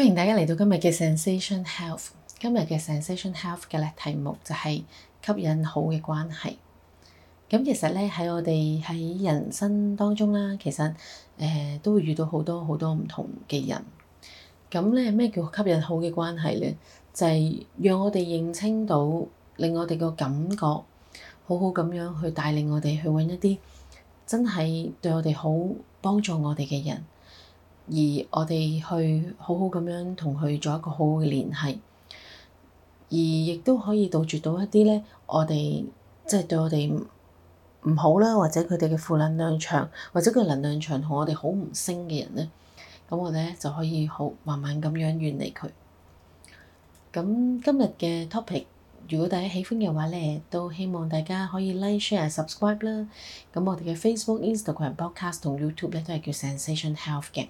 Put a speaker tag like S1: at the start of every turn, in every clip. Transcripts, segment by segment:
S1: 歡迎大家嚟到今日嘅 Zensation Health。今日嘅 Zensation Health 嘅咧題目就係吸引好嘅關係。咁其實咧喺我哋喺人生當中啦，其實誒，呃，都會遇到好多好多唔同嘅人。咁咧咩叫吸引好嘅關係咧？就係、是、讓我哋認清到令我哋個感覺好好咁樣去帶領我哋去搵一啲真係對我哋好幫助我哋嘅人。而我哋去好好咁樣同佢做一個好好嘅聯繫，而亦都可以杜絕到一啲咧，我哋即係對我哋唔好啦，或者佢哋嘅負能量場，或者佢能量場同我哋好唔升嘅人咧，咁我哋咧就可以好慢慢咁樣遠離佢。咁今日嘅 topic，如果大家喜歡嘅話咧，都希望大家可以 like share、share、subscribe 啦。咁我哋嘅 Facebook、Instagram、Podcast 同 YouTube 咧都係叫 Zensation Health 嘅。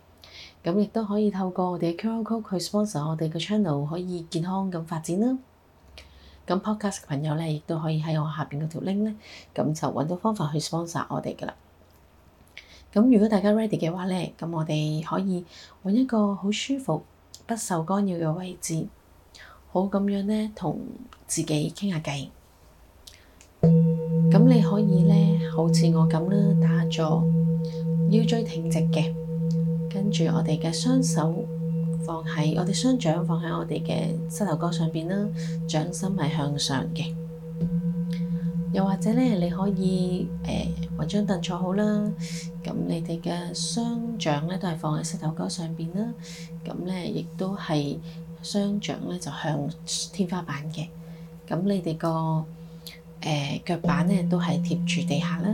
S1: 咁亦都可以透過我哋嘅 QR Code 去 sponsor 我哋嘅 channel，可以健康咁發展啦。咁 podcast 朋友咧，亦都可以喺我下邊嗰條 link 咧，咁就揾到方法去 sponsor 我哋噶啦。咁如果大家 ready 嘅話咧，咁我哋可以揾一個好舒服、不受干擾嘅位置，好咁樣咧，同自己傾下偈。咁你可以咧，好似我咁啦，打坐，腰椎挺直嘅。跟住我哋嘅雙手放喺，我哋雙掌放喺我哋嘅膝頭哥上邊啦，掌心係向上嘅。又或者咧，你可以誒搵、呃、張凳坐好啦，咁你哋嘅雙掌咧都係放喺膝頭哥上邊啦，咁咧亦都係雙掌咧就向天花板嘅。咁你哋個誒腳板咧都係貼住地下啦。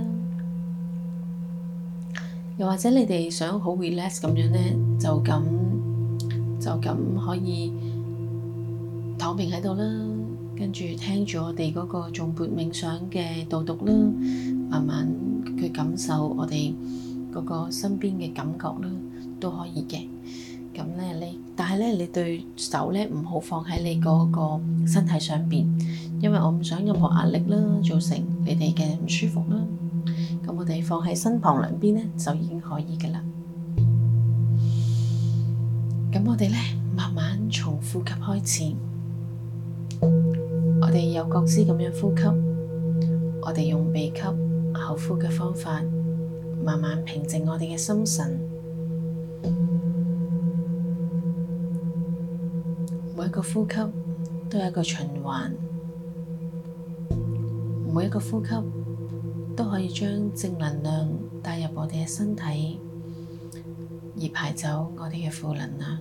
S1: 又或者你哋想好 relax 咁樣咧，就咁就咁可以躺平喺度啦，跟住聽住我哋嗰個頌缽冥想嘅導讀啦，慢慢去感受我哋嗰個身邊嘅感覺啦，都可以嘅。咁咧你，但係咧你對手咧唔好放喺你嗰個身體上邊，因為我唔想任何壓力啦，造成你哋嘅唔舒服啦。你放喺身旁兩邊呢，就已經可以噶啦。咁我哋咧，慢慢從呼吸開始，我哋有覺知咁樣呼吸，我哋用鼻吸口呼嘅方法，慢慢平靜我哋嘅心神。每一個呼吸都有一個循環，每一個呼吸。都可以將正能量帶入我哋嘅身體，而排走我哋嘅負能量。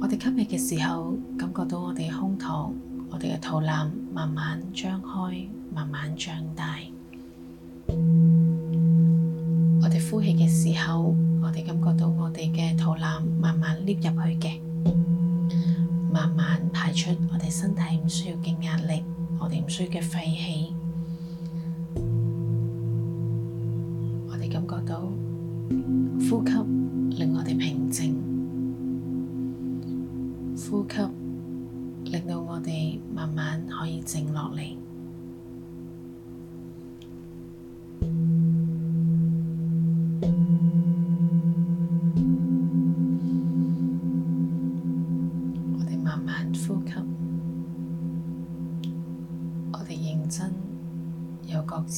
S1: 我哋吸氣嘅時候，感覺到我哋胸膛、我哋嘅肚腩慢慢張開、慢慢脹大。我哋呼氣嘅時候，我哋感覺到我哋嘅肚腩慢慢凹入去嘅。慢慢排出我哋身體唔需要嘅壓力，我哋唔需要嘅廢氣，我哋感覺到呼吸令我哋平靜，呼吸令到我哋慢慢可以靜落嚟。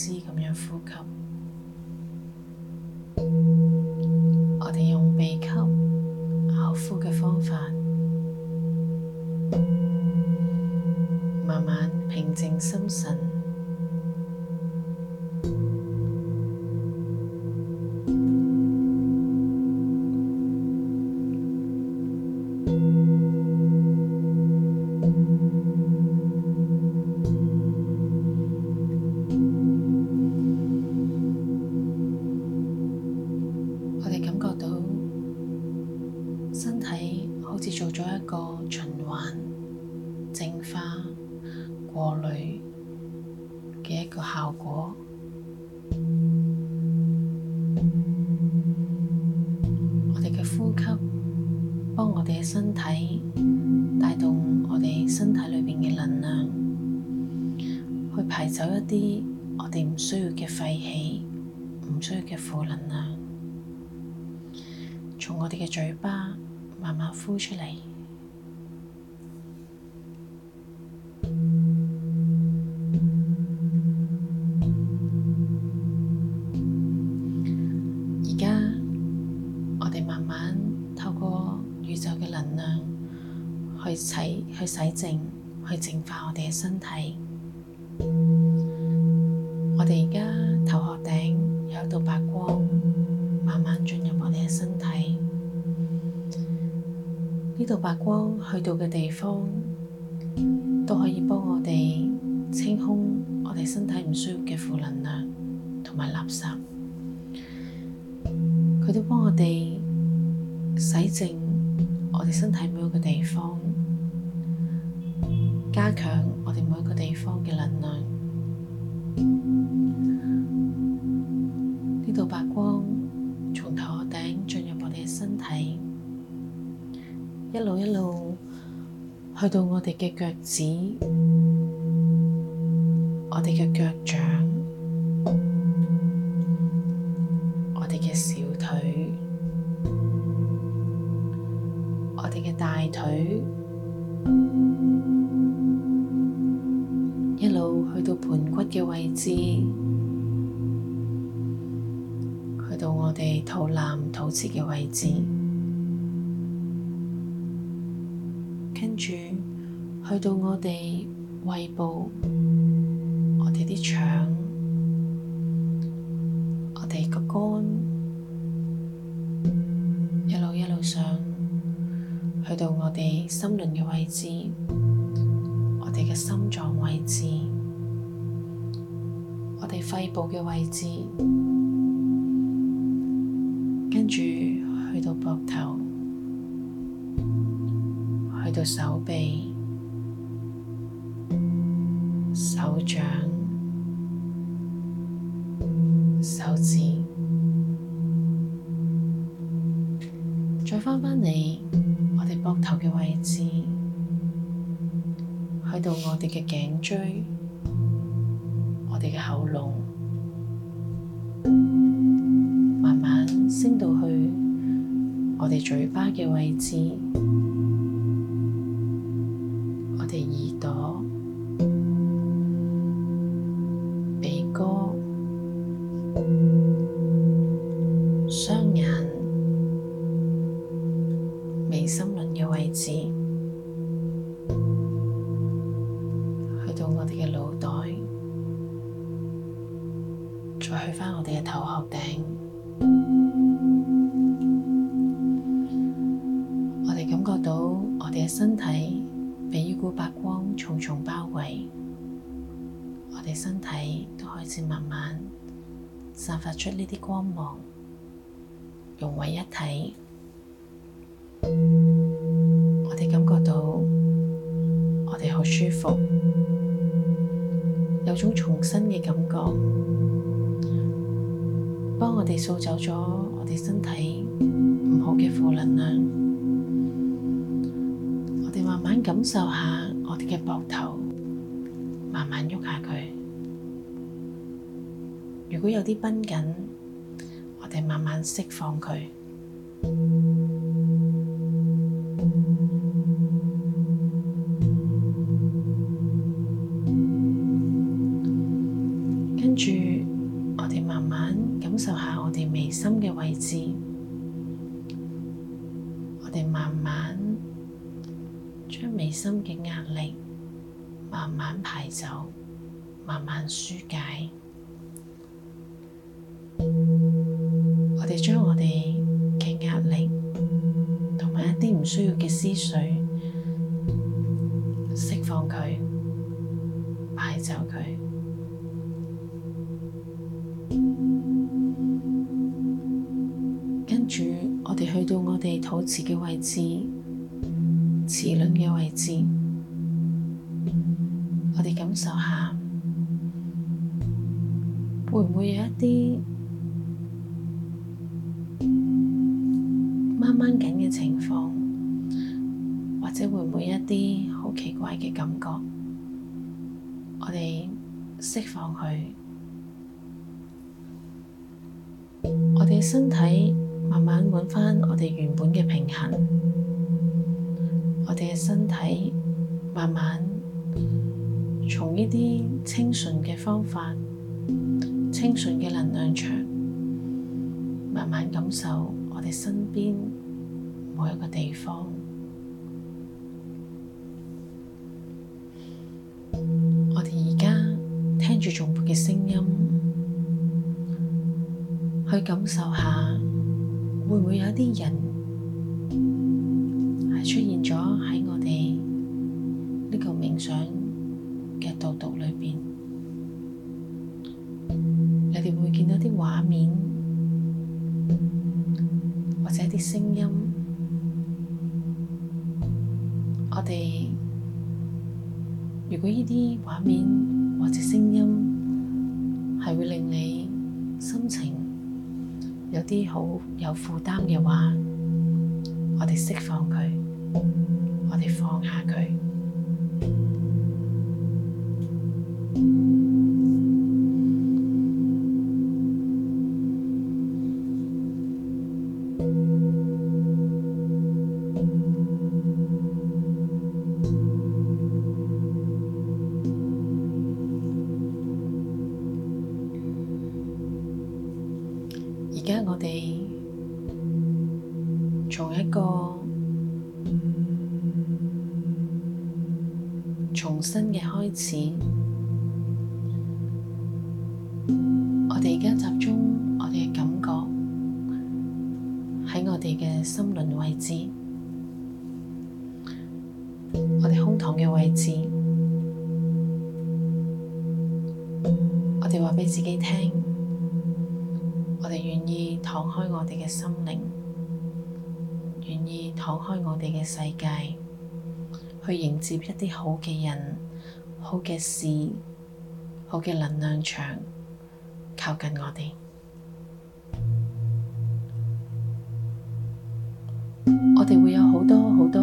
S1: 咁樣呼吸。唔需要嘅廢氣，唔需要嘅負能量，從我哋嘅嘴巴慢慢呼出嚟。而家我哋慢慢透過宇宙嘅能量去洗、去洗淨、去淨化我哋嘅身體。呢度白光去到嘅地方，都可以幫我哋清空我哋身體唔需要嘅負能量同埋垃圾。佢都幫我哋洗淨我哋身體每一個地方，加強我哋每一個地方嘅能量。一路一路去到我哋嘅腳趾，我哋嘅腳掌，我哋嘅小腿，我哋嘅大腿，一路去到盆骨嘅位置，去到我哋肚腩、肚臍嘅位置。去到我哋胃部，我哋啲腸，我哋個肝，一路一路上去到我哋心輪嘅位置，我哋嘅心臟位置，我哋肺部嘅位置，跟住去到膊頭，去到手臂。掌手指，再返返嚟，我哋膊頭嘅位置，去到我哋嘅頸椎，我哋嘅喉嚨，慢慢升到去我哋嘴巴嘅位置。身體被一股白光重重包圍，我哋身體都開始慢慢散發出呢啲光芒，融為一體。我哋感覺到我哋好舒服，有種重生嘅感覺，幫我哋掃走咗我哋身體唔好嘅負能量。感受下我哋嘅膊頭，慢慢喐下佢。如果有啲繃緊，我哋慢慢釋放佢。唔需要嘅思緒，釋放佢，排走佢。跟住我哋去到我哋肚臍嘅位置，臍輪嘅位置，我哋感受下，會唔會有一啲掹掹緊嘅情況？即會唔會一啲好奇怪嘅感覺？我哋釋放佢，我哋嘅身體慢慢搵翻我哋原本嘅平衡。我哋嘅身體慢慢從呢啲清純嘅方法、清純嘅能量場，慢慢感受我哋身邊每一個地方。我哋而家聽住頌缽嘅聲音，去感受下，會唔會有一啲人係出現咗喺我哋呢個冥想嘅導讀裏邊？ 你哋會見到啲畫面，或者啲聲音。如果呢啲畫面或者聲音係會令你心情有啲好，有負擔嘅話，我哋釋放佢，我哋放下佢。我哋而家集中我哋嘅感覺喺我哋嘅心輪位置，我哋胸膛嘅位置，我哋話畀自己聽，我哋願意敞開我哋嘅心靈，願意敞開我哋嘅世界，去迎接一啲好嘅人。好嘅事，好嘅能量場靠近我哋，我哋會有好多好多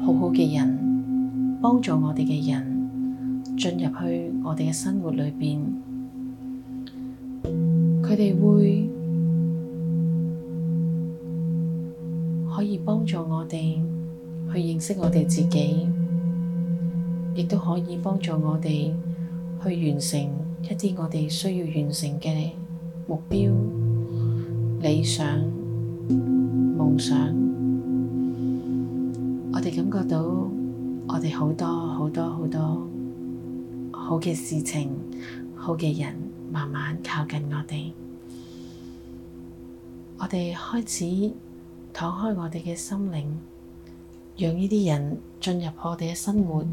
S1: 好好嘅人幫助我哋嘅人進入去我哋嘅生活裏邊，佢哋會可以幫助我哋去認識我哋自己。亦都可以幫助我哋去完成一啲我哋需要完成嘅目標、理想、夢想。我哋感覺到我哋好多好多好多好嘅事情、好嘅人，慢慢靠近我哋。我哋開始敞開我哋嘅心靈，讓呢啲人進入我哋嘅生活。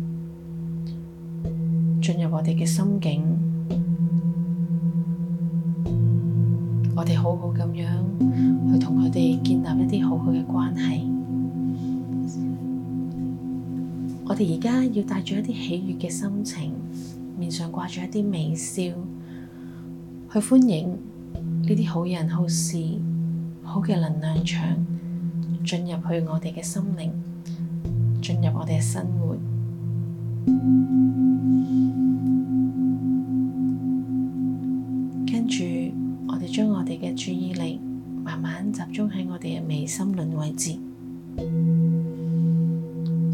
S1: 進入我哋嘅心境，我哋好好咁樣去同佢哋建立一啲好好嘅關係。我哋而家要帶住一啲喜悅嘅心情，面上掛住一啲微笑，去歡迎呢啲好人好事、好嘅能量場，進入去我哋嘅心靈，進入我哋嘅生活。跟住，我哋將我哋嘅注意力慢慢集中喺我哋嘅眉心輪位置。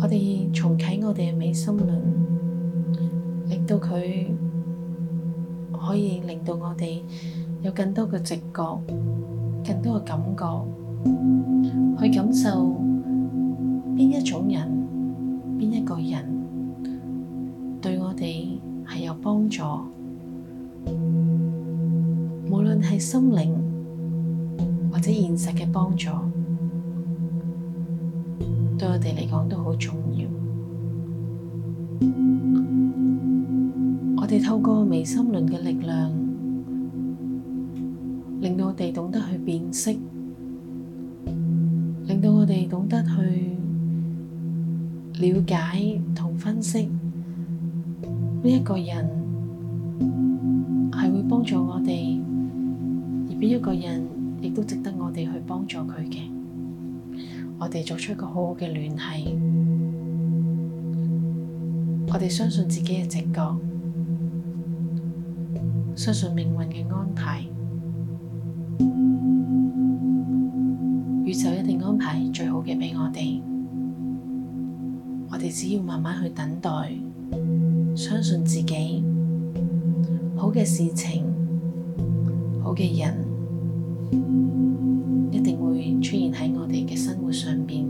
S1: 我哋重啟我哋嘅眉心輪，令到佢可以令到我哋有更多嘅直覺、更多嘅感覺，去感受邊一種人、邊一個人。幫助，無論係心靈或者現實嘅幫助，對我哋嚟講都好重要。我哋透過微心輪嘅力量，令到我哋懂得去辨識，令到我哋懂得去了解同分析。邊一個人係會幫助我哋，而邊一個人亦都值得我哋去幫助佢嘅。我哋作出一個好好嘅聯繫，我哋相信自己嘅直覺，相信命運嘅安排，宇宙一定安排最好嘅畀我哋。我哋只要慢慢去等待。相信自己，好嘅事情，好嘅人，一定會出現喺我哋嘅生活上面。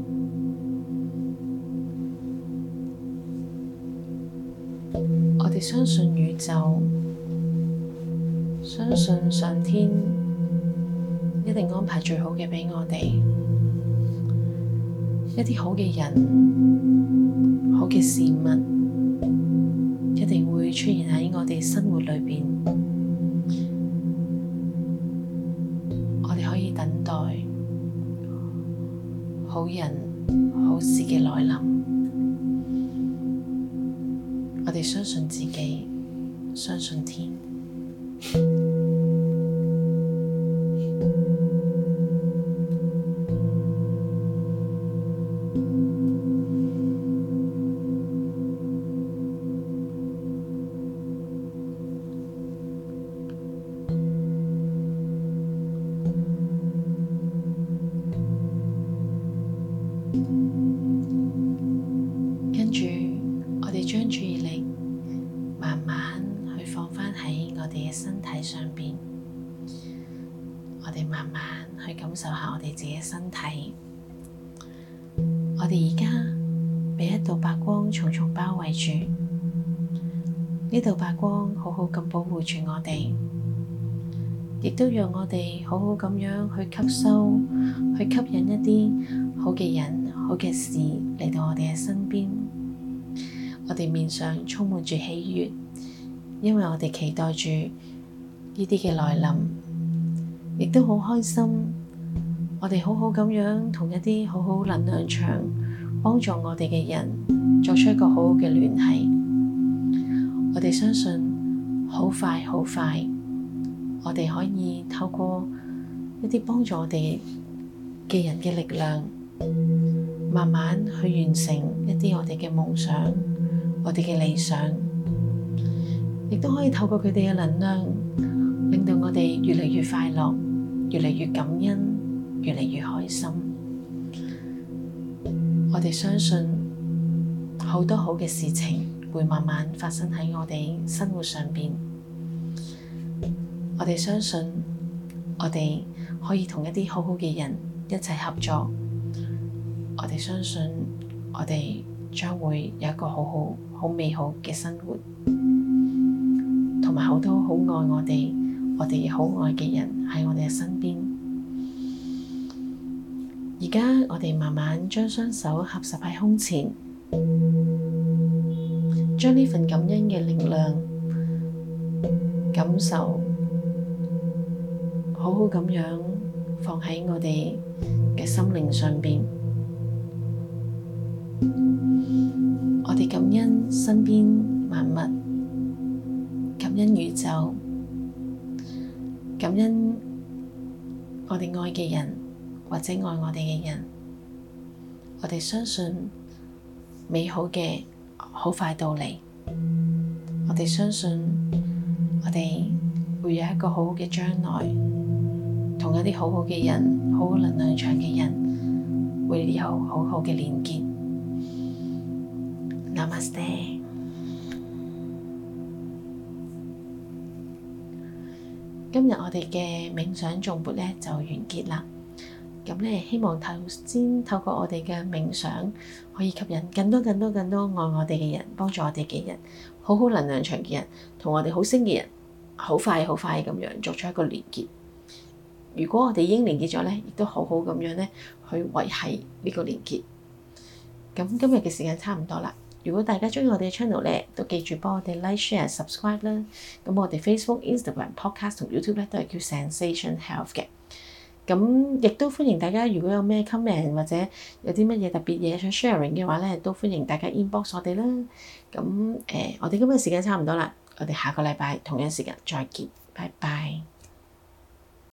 S1: 我哋相信宇宙，相信上天，一定安排最好嘅畀我哋。一啲好嘅人，好嘅事物。出現喺我哋生活裏邊，我哋可以等待好人好事嘅來臨。我哋相信自己，相信天。呢度白光，好好咁保護住我哋，亦都讓我哋好好咁樣去吸收、去吸引一啲好嘅人、好嘅事嚟到我哋嘅身邊。我哋面上充滿住喜悅，因為我哋期待住呢啲嘅來臨，亦都好開心。我哋好好咁樣同一啲好好能量場，幫助我哋嘅人作出一個好好嘅聯繫。我哋相信，好快好快，我哋可以透過一啲幫助我哋嘅人嘅力量，慢慢去完成一啲我哋嘅夢想，我哋嘅理想，亦都可以透過佢哋嘅能量，令到我哋越嚟越快樂，越嚟越感恩，越嚟越開心。我哋相信好多好嘅事情。會慢慢發生喺我哋生活上面。我哋相信，我哋可以同一啲好好嘅人一齊合作。我哋相信，我哋將會有一個好好、好美好嘅生活，同埋好多好愛我哋、我哋好愛嘅人喺我哋嘅身邊。而家我哋慢慢將雙手合十喺胸前。將呢份感恩嘅力量、感受，好好咁樣放喺我哋嘅心靈上面。我哋感恩身邊萬物，感恩宇宙，感恩我哋愛嘅人，或者愛我哋嘅人。我哋相信美好嘅。好快到嚟，我哋相信我哋會有一個好好嘅將來，同一啲好好嘅人，好好能量場嘅人，會有好好嘅連結。Namaste，今日我哋嘅冥想誦缽咧就完結啦。咁咧，希望頭先透過我哋嘅冥想，可以吸引更多更多更多愛我哋嘅人，幫助我哋嘅人，好好能量場嘅人，同我哋好星嘅人，好快好快咁樣作出一個連結。如果我哋已經連結咗咧，亦都好好咁樣咧去維繫呢個連結。咁今日嘅時間差唔多啦。如果大家中意我哋嘅 channel 咧，都記住幫我哋 like、share、subscribe 啦。咁我哋 Facebook、Instagram、Podcast 同 YouTube 咧都係叫 Zensation Health 嘅。咁亦都歡迎大家，如果有咩 comment 或者有啲乜嘢特別嘢想 sharing 嘅話咧，都歡迎大家 inbox 我哋啦。咁誒、呃，我哋今日時間差唔多啦，我哋下個禮拜同樣時間再見，拜拜。